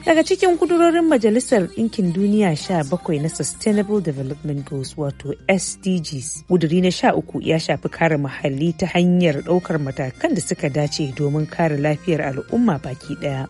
Daga cikin kudurorin Majalisar Dinkin Duniya sha bakwai na Sustainable Development Goals wato SDGs, guduri na sha uku ya shafi kare muhalli ta hanyar ɗaukar matakan da suka dace domin kare lafiyar al'umma baki ɗaya.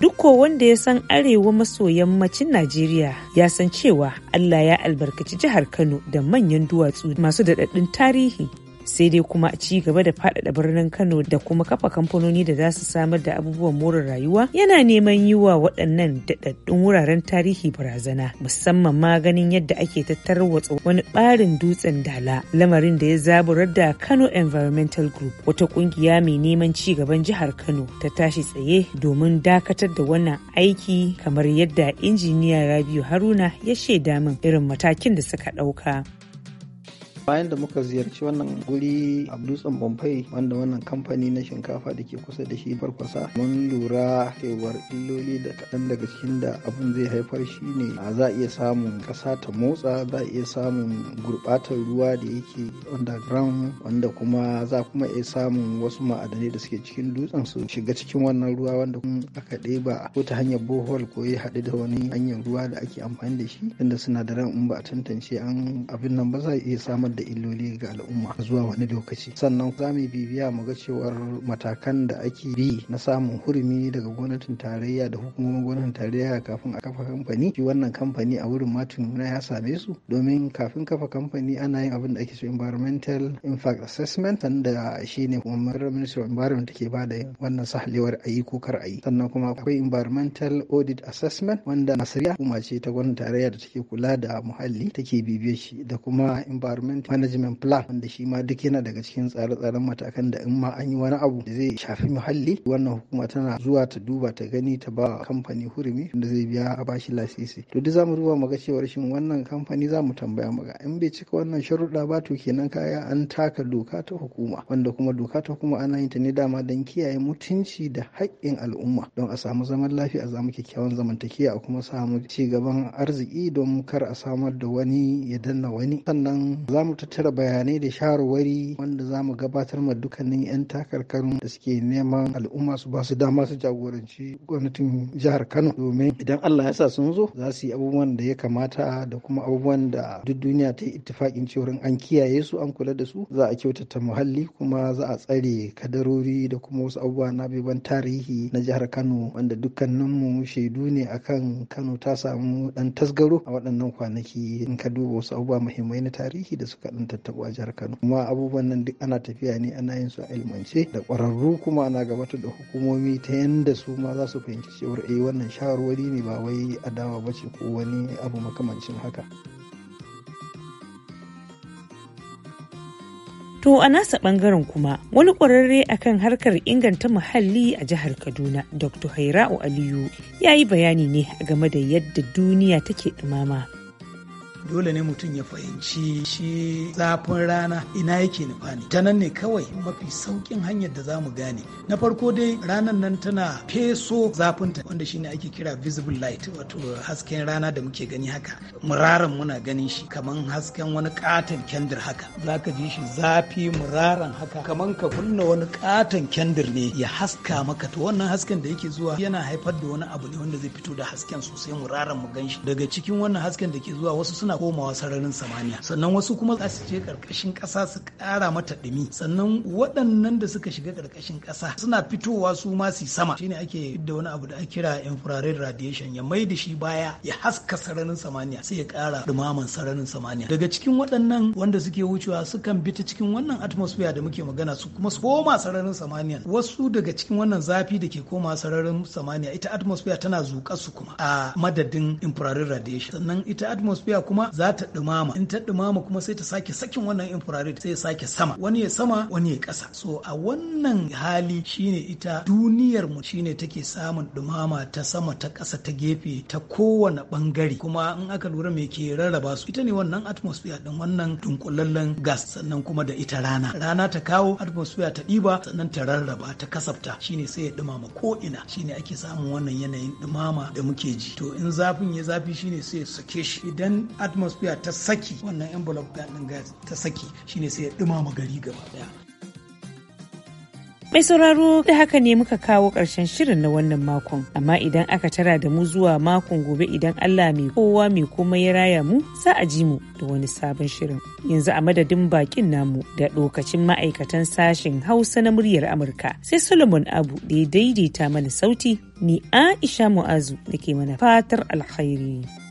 Dukko wanda ya san arewa maso yammacin Najeriya ya san cewa Allah ya albarkaci jihar Kano da manyan duwatsu masu daɗaɗɗun tarihi. sai dai kuma ci gaba da faɗaɗa birnin kano da kuma kafa kamfanoni da za su samar da abubuwan more rayuwa yana neman yi wa waɗannan daɗaɗɗun wuraren tarihi barazana musamman ma ganin yadda ake tattarwatsa wani ɓarin dutsen dala lamarin da ya zaburar da kano environmental group wata ƙungiya mai neman ci gaban jihar kano ta tashi tsaye domin dakatar da wannan aiki kamar yadda injiniya rabiu haruna ya shaida min irin matakin da suka ɗauka. bayan da muka ziyarci wannan guri a dutsen bombay wanda wannan kamfani na shinkafa da ke kusa da shi farkwasa mun lura cewar illoli da kaɗan daga cikin da abin zai haifar shi ne za a iya samun ƙasa ta motsa za a iya samun gurɓatar ruwa da yake underground wanda kuma za kuma iya samun wasu ma'adanai da suke cikin dutsen su shiga cikin wannan ruwa wanda aka ɗeba ko ta hanyar bohol ko ya haɗu da wani hanyar ruwa da ake amfani da shi inda sinadaran in ba a tantance an abin nan ba za a iya samar da illoli ga al'umma zuwa wani lokaci sannan za mu bibiya mu ga cewar matakan da ake bi na samun hurumi daga gwamnatin tarayya da hukumomin gwamnatin tarayya kafin a kafa kamfani shi wannan kamfani a wurin matin na ya same su domin kafin kafa kamfani ana yin abin da ake so environmental impact assessment da shi ne kuma ministry of environment take ba da wannan sahalewar ayi ko kar ayi sannan kuma akwai environmental audit assessment wanda nasiriya kuma ce ta gwamnatin tarayya da take kula da muhalli take bibiyar shi da kuma environmental management plan wanda shi ma duk yana daga cikin tsare-tsaren matakan da in ma an yi wani abu da zai shafi muhalli wannan hukuma tana zuwa ta duba ta gani ta ba kamfani hurumi da zai biya a bashi lasisi to duk zamu duba muga cewar shin wannan kamfani zamu tambaya muga in bai cika wannan sharuɗa ba to kenan kaya an taka doka ta hukuma wanda kuma doka ta hukuma ana yin ta ne dama don kiyaye mutunci da haƙƙin al'umma don a samu zaman lafiya a samu kyakkyawan zamantakewa a kuma samu ci gaban arziki don kar a samar da wani ya danna wani sannan zamu mu tattara bayanai da shawarwari wanda za mu gabatar ma dukkanin 'yan takarkarin da suke neman al'umma su ba su dama su jagoranci gwamnatin jihar Kano domin idan Allah ya sa sun zo za su yi abubuwan da ya kamata da kuma abubuwan da duk duniya ta yi ittifakin cewar an kiyaye su an kula da su za a kyautata muhalli kuma za a tsare kadarori da kuma wasu abubuwa na biban tarihi na jihar Kano wanda dukkaninmu shaidu ne akan Kano ta samu dan tasgaro a waɗannan kwanaki in ka duba wasu abubuwa muhimmai na tarihi da su suka dan a jihar Kano. Kuma abubuwan nan duk ana tafiya ne ana yin su a ilmance da ƙwararru kuma ana gabatar da hukumomi ta yanda su ma za su fahimci cewar eh wannan shawarwari ne ba wai adawa ba ce ko wani abu makamancin haka. To a nasa bangaren kuma wani kwararre akan harkar inganta muhalli a jihar Kaduna Dr. Haira'u Aliyu ya yi bayani ne game da yadda duniya take dumama dole ne mutum ya fahimci shi zafin rana ina yake nufa ne ta nan ne kawai mafi saukin hanyar da za mu gane na farko dai ranar nan tana feso zafinta wanda shine ake kira visible light wato hasken rana da muke gani haka muraran muna ganin shi kaman hasken wani katon kendir haka za ka ji shi zafi muraran haka kaman ka kunna wani katon kendir ne ya haska maka to wannan hasken da yake zuwa yana haifar da wani abu ne wanda zai fito da hasken sosai muraran mu gan shi daga cikin wannan hasken da ke zuwa wasu suna komawa sararin samaniya sannan wasu kuma za su je karkashin kasa su kara mata ɗumi sannan waɗannan da suka shiga karkashin kasa suna fitowa su ma su sama shine ake da wani abu da ake kira infrared radiation ya mai da shi baya ya haska sararin samaniya sai ya kara dumaman sararin samaniya daga cikin waɗannan wanda suke wucewa sukan bi ta cikin wannan atmosphere da muke magana su kuma su koma sararin samaniya wasu daga cikin wannan zafi da ke koma sararin samaniya ita atmosphere tana zuƙa su kuma a madadin infrared radiation sannan ita atmosphere kuma kuma za ta dumama in ta dumama kuma sai ta sake sakin wannan infrared sai ya sake sama wani ya sama wani ya kasa so a wannan hali shine ita duniyar mu shine take samun dumama ta sama ta kasa ta gefe ta kowane bangare kuma in aka lura me ke rarraba su ita ne wannan atmosphere din wannan dunkulallen gas sannan kuma da ita rana rana ta kawo atmosphere ta diba, sannan ta rarraba ta kasafta shine sai ya dumama ko ina shine ake samun wannan yanayin dumama da muke ji to in zafin ya zafi shine sai ya sake shi idan atmosphere ta saki wannan envelope ɗin gas ta saki shine sai ya gari gaba daya Mai sauraro da haka ne muka kawo ƙarshen shirin na wannan makon. Amma idan aka tara da mu zuwa makon gobe idan Allah mai kowa mai komai ya raya mu za a ji mu da wani sabon shirin. Yanzu a madadin bakin namu da ɗokacin ma'aikatan sashen Hausa na muryar Amurka. Sai Solomon Abu da ya daidaita mana sauti ni Aisha Mu'azu da ke mana fatar alkhairi.